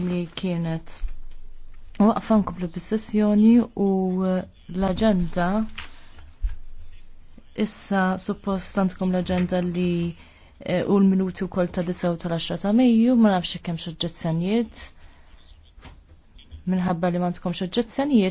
li kienet waqfa nkomplu bis-sessjoni u l-aġenda issa suppost għandkom l-aġenda li eh, u l-minuti wkoll ta' disaw tal-10 ta' Mejju ma nafx kem x'oġġezzjonijiet minħabba li ma m'għandkomx oġġezzjonijiet